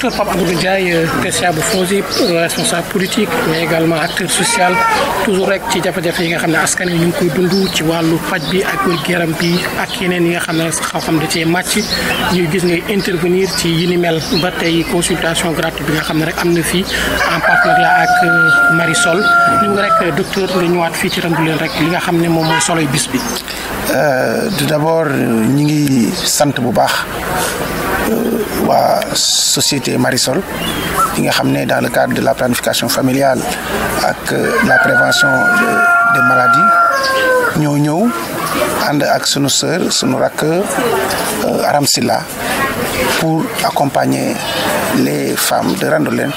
surtout Pape Abdou Ndiaye PCA bu Fonzi responsable politique mais également acteur social toujours rek ci jafe-jafe de nga xam ne askan yi ñu ngi koy dund ci wàllu faj bi ak wér yaram bi ak yeneen yi nga xam ne xam-xam da cee màcc ñuy gis ngay intervenir ci yi ni mel ba tey consultation gratuite bi nga xam ne rek am na fii en partenariat ak Marisol ñu ngi rek docteur nga ñëwaat fii ci rambu leen rek li nga xam ne moom soloy bis bi tout d'abord ñi ngi sant bu baax eh, La société Marisol qui est amenée dans le cadre de la planification familiale avec euh, la prévention des maladies nous avec and ak sunu sœur sunu euh, pour accompagner les femmes de rendre leen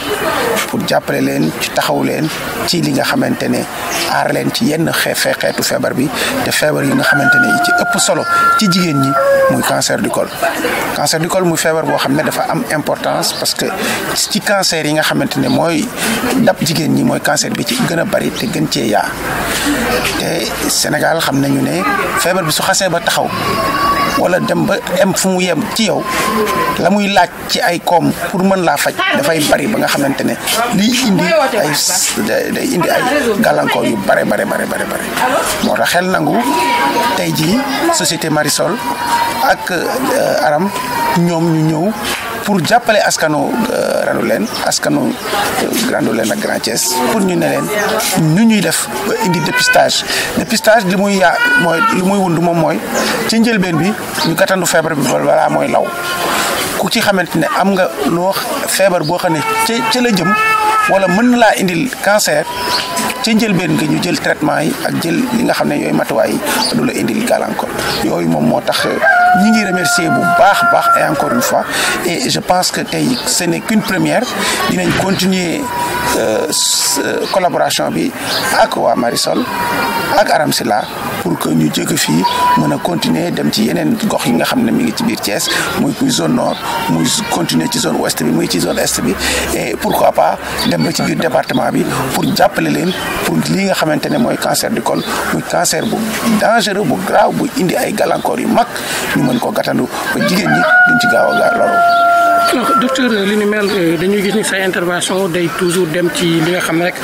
pour jàppale leen ci taxaw leen ci li nga xamante ne aar leen ci yenn xeefe xeetu feebar bi te feebar yi nga xamante ne ci ëpp solo ci jigéen ñi muy cancer du col muy feebar boo xam ne dafa am importance parce que ci cancer yi nga xamante ne mooy dab jigéen ñi mooy cancer bi ci gën a bari te gën cee yaa te Sénégal xam nañu ne feebar bi su xasee ba taxaw wala dem ba em fu mu yem ci yow la muy laaj ci ay koom pour mën laa faj dafay bari ba nga xamante ne liy indi ay day indi ay gàllankoor yu bare bare bare bare bare moo tax xel nangu tey jii société Marisol ak euh, Aram ñoom ñu ñëw pour jàppale eh, len askano askanu eh, len ak Grand Thiès pour ñu ne ñu ñuy def ba eh, indi dépistage dépistage li muy yaa mooy li muy wund mom moy ci ben bi ñu katandu fièvre bi wala moy law ku ci xamantene ne am nga lo ci ci la jëm wala mën la laa indil cancer ci ben nga ñu jël traitement yi ak jël li nga xamné yoy matuway du la indil galankor yoy mom motax Je ngi remercier et encore une fois et je pense que ce n'est qu'une première dinañ continuer euh, euh, collaboration avec Marisol avec Aram pour que ñu jóge fii mën a continuer dem ci yeneen gox yi nga xam ne mi ngi ci biir cees muy muy zone nord muy continuer ci zone ouest bi muy ci zone est bi pour quoi pas dem ba ci biir département bi pour jàppale leen pour li nga xamante ne mooy cancer du col muy cancer bu dangereux bu grave bu indi ay gàllankoor yu mag ñu mën koo gàttandu ba jigéen ñi duñ ci gaaw a gaaw loolu alors docteur li ni mel euh, dañuy gis ni say intervention day toujours dem ci li nga xam rek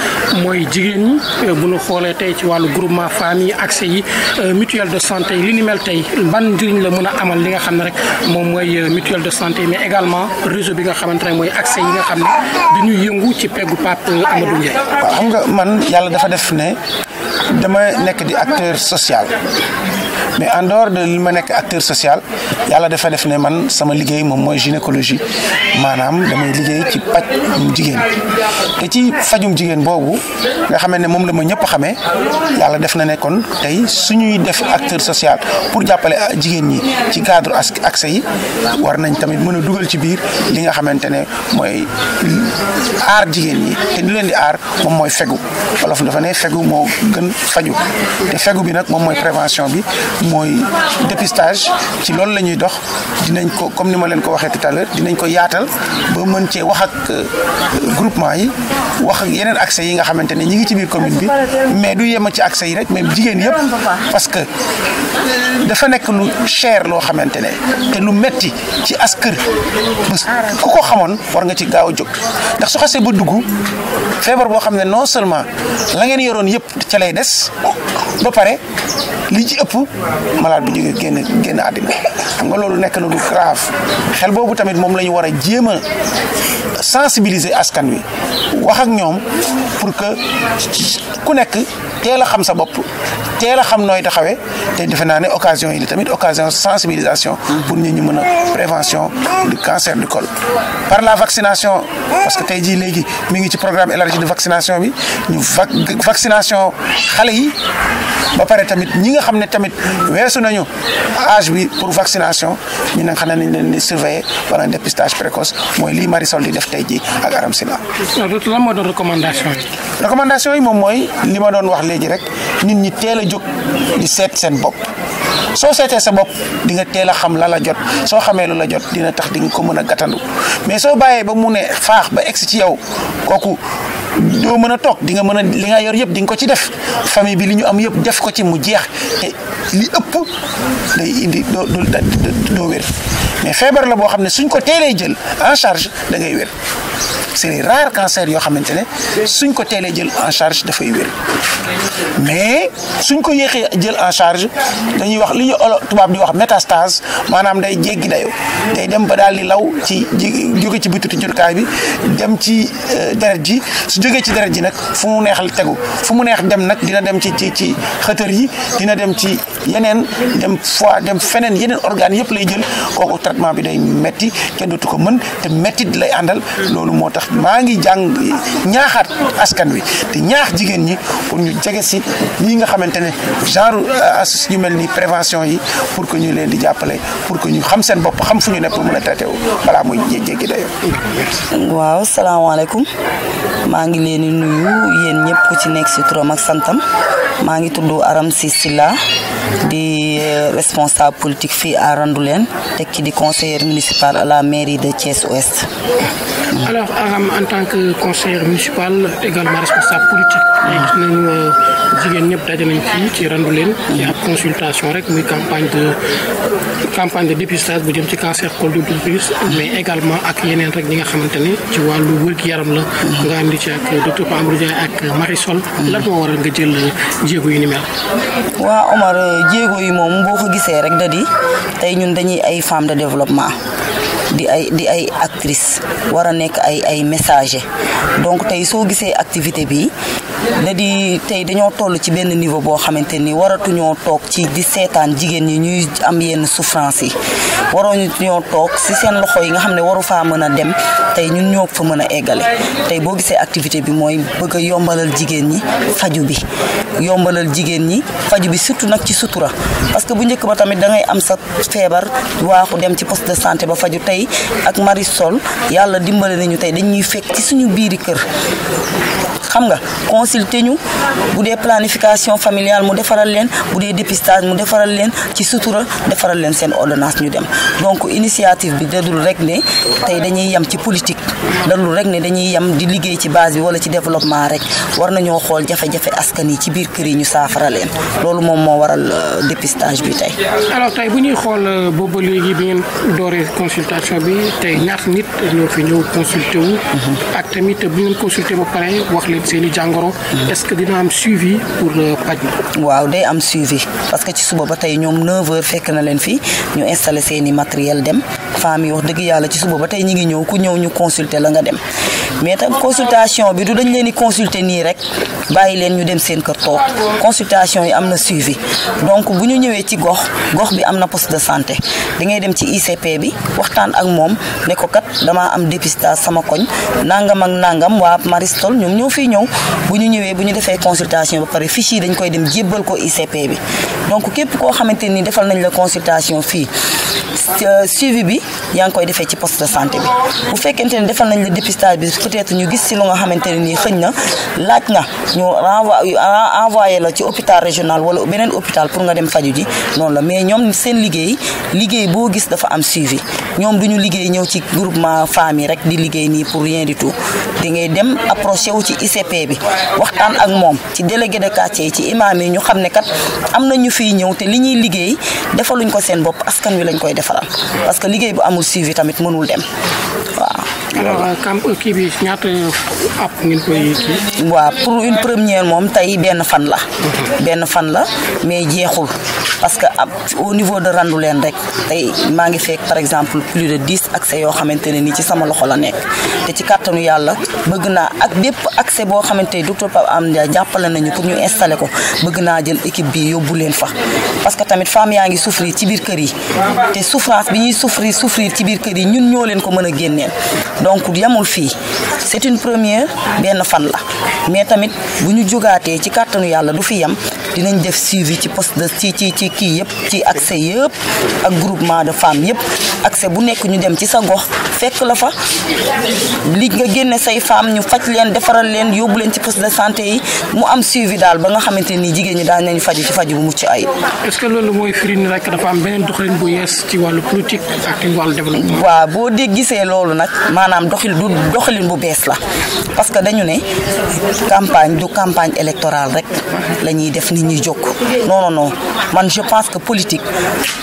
mooy jigéen ñi euh, bu ñu xoolee tey ci wàllu groupement femmes yi accès yi euh, mutuelle de santé li ni mel tey ban njëriñ la mën a amal li nga xam ne rek moom mooy mutuelle de santé mais également réseau bi nga xamante ne mooy accès yi nga xam ne dañuy yëngu ci peggu Pape Amadou Ndiaye. waaw xam nga man yàlla dafa def ne dama nekk di acteur social. mais en dehors de li ma nekk acteur social yàlla dafa def ne man sama liguey mom moy gynécologie manam damay liguey ci pat jigen te ci fajum jigen bobu nga xamé ne mom la ma ñëpp xamé yalla def na ne kon tay suñuy def acteur social pour jappalé jigen ñi ci cadre accès yi war nañ tamit mëna duggal dugal ci biir li nga xamante ne mooy aar jigéen ñi te li leen di ar mom moy fegu wolof dafa ne fegu mo gën faju te fegu bi nak mom moy prévention bi Moy dépistage ci loolu la ñuy dox dinañ ko comme ni ma leen ko waxee tout à l'heure dinañ ko yaatal ba mën cee wax ak euh, groupement yi wax ak yeneen accès yi nga xamante ne ñi ngi ci biir commune bi mais du yema ci accès yi rek même jigéen yëpp parce que dafa nekk lu cher loo xamante ne te lu metti ci askër ku ko xamoon war nga ci gaaw jóg ndax su xasee ba dugg feebar boo xam ne non seulement la ngeen yoroon yëpp ca lay des ba pare li ci ëpp malade bu jógee génn génn àddina xam nga loolu nekk na lu grave xel boobu tamit moom la ñu war a jéem a sensibiliser askan wi wax ak ñoom pour que ku nekk. teel a xam sa bopp teel a xam nooy taxawee te defe naa ne occasion yi tamit occasion sensibilisation. pour ñu ñu mën prévention du cancer du col. par la vaccination parce que tey jii léegi mi ngi ci programme élargi de vaccination bi ñu vaccination xale yi ba pare tamit ñi nga xam ne tamit weesu nañu âge bi pour vaccination ñu ne xam nañ leen surveiller wala dépistage précoce mooy lii Marisol di def tey jii ak Aram Sila. lan moo doon recommandation yi. recommandation yi moom mooy li ma doon wax diine rek nit ñi teel a jóg di seet seen bopp soo seetee sa bopp di nga teel a xam la la jot soo xamee lu la jot dina tax di nga ko mën a gàttandu mais soo bàyyee ba mu ne faax ba egsi ci yow kooku do mëna tok di nga mëna li nga yor yeb di nga ko ci def famille bi li ñu am yeb def ko ci mu jeex te li ëpp day indi do do do wër mais febar la bo xamne suñ ko télé jël en charge da ngay wër c'est les rares yoo xamante ne suñ ko teelee jël en charge dafay wér mais suñ ko yéexee jël en charge dañuy wax li ñu olo tubaab di wax métastase maanaam day jéggi dayo day dem ba daal di law ci jóge ci bititu njurukaay bi dem ci euh, deret ji su jógee ci deret ji nag fu mu neex tegu fu mu neex dem nag dina dem ci ci ci xëtër yi dina dem ci yeneen dem foie dem feneen yeneen organes yëpp lay jël kooku traitement bi day metti kenn dootu ko mën te mettit lay àndal loolu moo tax maa ngi jàng ñaaxaat askan wi di ñaax jigéen ñi pour ñu jege si ñi nga xamante ne genre euh, astuce yu mel ni prévention yi pour que ñu leen di jàppale pour que ñu xam seen bopp xam fu ñu ne pour a traité wu balaa muy jéggi dayo waaw salaamaaleykum maa ngi leen nuyu yéen ñëpp ku ci nekk si turam ak santam. maa ngi tudd Aram Sisila di eh, responsable politique fii à Randoulène tekki di conseillère municipal, à la mairie de Thiès Ouest. alors Aram en tant que conseillère municipal, également responsable politique. gis nañu euh, jigéen ñëpp daje nañ fii ci Randoulène. ci ab consultation rek muy campagne de campagne de dépistage bu jëm ci cancer col de l'utérus. mais également ak yeneen rek ñi nga xamante ne ci wàllu wér-gu-yaram la. nga andi ci ak euh, docteur Pape Ndiaye ak Marisol. lan moo waral nga jël. Euh, jéego yu ni mel. waaw Omar jéego yi moom boo ko gisee rek da di tey ñun dañuy ay femmes de développement. di ay di ay actrice war a nekk ay ay messager donc tey soo gisee activité bi da di tey dañoo toll ci benn niveau boo xamante ni waratuñoo toog ci di seetaan jigéen ñi ñuy am yenn souffrance yi waroñu ñoo toog si seen loxo yi nga xam ne waru faa mën a dem tey ñun ñoo fa mën a eggale tey boo gisee activité bi mooy bëgg a yombalal jigéen ñi faju bi yombalal jigéen ñi faju bi surtout nag ci sutura parce que bu njëkk ba tamit da ngay am sa feebar waaxu dem ci poste de santé ba faju tey ak Marisol yàlla dimbale nañu tey dañuy fekk ci suñu biiri kër xam nga consulter ñu bu dee planification familiale mu defaral leen bu dee dépistage mu defaral leen ci sutura defaral leen seen ordonnance ñu dem donc initiative bi dadul rek ne tey dañuy yam ci politique dadul rek ne dañuy yam di liggéey ci base bi wala ci développement rek war nañoo xool jafe-jafe askan yi ci biir kër yi ñu saafara leen loolu moom moo waral euh, dépistage bi tey. alors tey bu ñuy xool euh, boobu léegi bi ngeen dooree consultation bi tey ñaata nit ñoo fi ñëw consulter wu. Mhm. ak tamit bu ngeen consulter ba pare wax leen c'est jangoro est ce que dina am suivi pour le euh, waaw day am suivi parce que ci suba 9h fekk na ñu installé matériel dem wax la mais consultation bi du dañ leen consulter rek leen ñu dem consultation yi am suivi donc bu ñu ñewé ci gox gox bi amna poste de santé da ngay dem ci ICP bi waxtaan ak mom ne ko kat am dépistage sama koñ nangam ak nangam Maristol bëri ñëw bu ñu ñëwee bu ñu defee consultation ba pare fiche yi dañ koy dem jébbal ko ICP bi donc képp koo xamante ni defal nañ la consultation fii suivi bi yaa ngi koy defee ci poste de santé bi bu fekkente ne defal nañ la dépistage bi peut-être ñu gis ci lu nga xamante ne nii xëñ na laaj na ñu renvoyé envoyé la ci hôpital régional wala beneen hôpital pour nga dem faju ji noonu la mais ñoom seen liggéey liggéey boo gis dafa am suivi ñoom du liggéey ñëw ci di ngay dem approché wu ci ICP bi waxtaan ak moom ci délégué de quartier yi ci imaam yi ñu xam ne kat am na ñu fiy ñëw te li ñuy liggéey defaluñ ko seen bopp askan wi lañ koy defaral parce que liggéey bi amul suivi tamit mënul dem waaw. alors camp kii bi ñaata ab ngeen koy kii. waaw pour une première moom tey benn fan la. benn fan la mais jeexul parce que au niveau de rek ngi par exemple plus de dix accès yoo xamante ci sama loxo la nek. te ci kàttanu yàlla bëgg naa ak bépp accès boo xamante docteur Pape Am Ndiaye jàppale nañu pour ñu installé ko bëgg jël équipe bi fa parce que tamit femme yaa ngi souffrir ci kër yi te souffrance bi ñuy souffrir souffrir ci biir kër yi ñun ñoo ko donc il y a mon fils. c'est une première ben fan la mais tamit buñu jogaté ci kàttanu yalla du fi yam dinañ def suivi ci poste de ci ci ci ki yep. ci accès yëpp ak groupement de femmes yëpp accès bu nek ñu dem ci sa gox fekk la fa li nga génné say femmes ñu fajj leen défaral leen yobul leen ci poste de santé yi mu am suivi dal ba nga xamanteni ni jigéen ñi daan nañu fajj ci fajj bu mucc ay est-ce que lolu moy firi ni rek dafa am beneen doxalin bu yes ci walu politique ak ci walu développement wa bo dégg gisé lolu nak manam doxil du doxalin bu bees bees la parce que dañu ne campagne du campagne électorale rek la ñuy def nit ñi jóg non non non man je pense que politique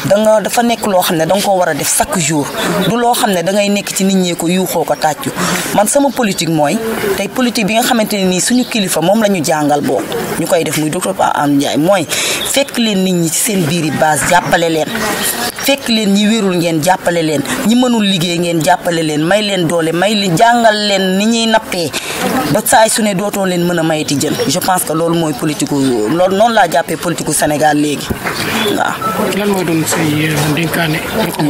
da nga dafa nekk loo xam ne danga ko war a def chaque jour du loo xam ne da ngay nekk ci nit ñee ko yuuxoo ko tàccu man sama politique mooy tey politique bi nga xamante ne nii suñu kilifa moom la ñu jàngal boo ñu koy def muy docteur Pa Am Ndiaye mooy fekk leen nit ñi ci seen biir biiri base jàppale leen fekk leen ñi wérul ngeen jàppale leen ñi mënul liggéey ngeen jàppale leen may leen doole may li jàngal leen ni ñuy nappee ba saay su ne dootoo leen mën a mayeti jën je pense que loolu mooy politique loolu noonu laa jàppee politique Sénégal léegi Euh,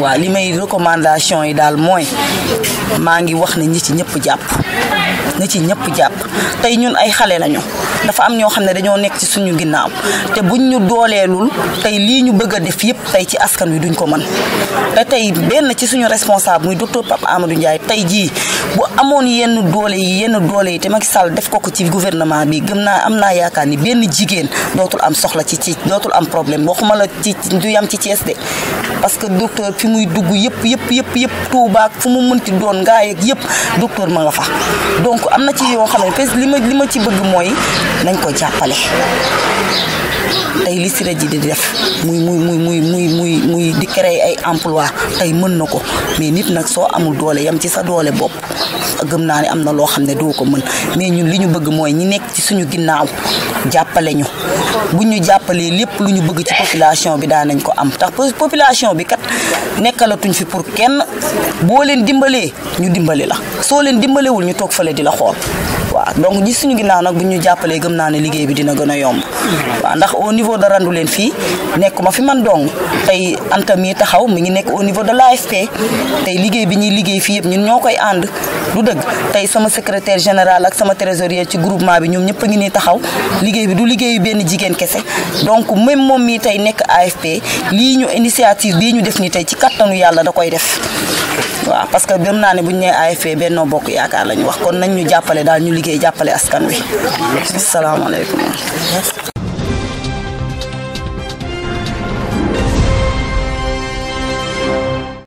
waaw. li may recommandation yi daal mooy maa ngi wax ne ñi ci ñëpp jàpp ñi ci ñëpp jàpp tey ñun ay xale lañu dafa am ñoo xam ne dañoo nekk ci suñu ginnaaw te buñ ñu dooleelul tey lii ñu bëgg a def yëpp tey ci askan wi duñ ko mën te tey benn ci suñu responsable muy docteur Pape Amadou Ndiaye tey jii bu amoon yenn doole yi yenn doole yi te mag Sall def ko ko ci gouvernement bi gëm naa am naa yaakaar ni benn jigéen dootul am soxla ci ci dootul am problème waxuma la ci du yam ci Thiès de parce que docteur fi muy dugg yëpp yëpp yëpp yëpp Touba fu mu mënti doon ngaa yeeg yëpp docteur ma nga fa donc am na ci yoo xam ne li ma li ma ci bëgg mooy nañ ko jàppale tey li Siré di def muy muy muy muy muy muy muy di créer ay emploi tey mën na ko mais nit nag soo amul doole yam ci sa doole bopp gëm naa ne am na loo xam ne doo ko mën mais ñun li ñu bëgg mooy ñu nekk ci suñu ginnaaw jàppale ñu gu ñu jàppalee lépp lu ñu bëgg ci population bi daanañ ko am tax population bi kat nekkalatuñ fi pour kenn boo leen dimbalee ñu dimbali la soo leen dimbalewul ñu toog fale di la xool waaw donc ji suñu ginnaaw nag bu ñu jàppalee gëm naa ne liggéey bi dina gën a yomb waaw ndax au niveau de randu leen fii nekkuma fi man dong tey Anta mii taxaw mu ngi nekk au niveau de l'AFP tey liggéey bi ñuy liggéey fii yëpp ñun ñoo koy ànd du dëgg tey sama secrétaire général ak sama trésorier ci groupement bi ñoom ñëpp a ngi nii taxaw liggéey bi du liggéeyu benn jigéen kese donc même moom mii tey nekk AFP lii ñu initiative bii ñu def ni tey ci kattanu yàlla da koy def waaw parce gëm naa ne bu ñu nee AFP Benno Bokk Yaakaar la wax kon nañ ñu jàppale daal ñu liggéey liggéey jàppale askan wi salaamaaleykum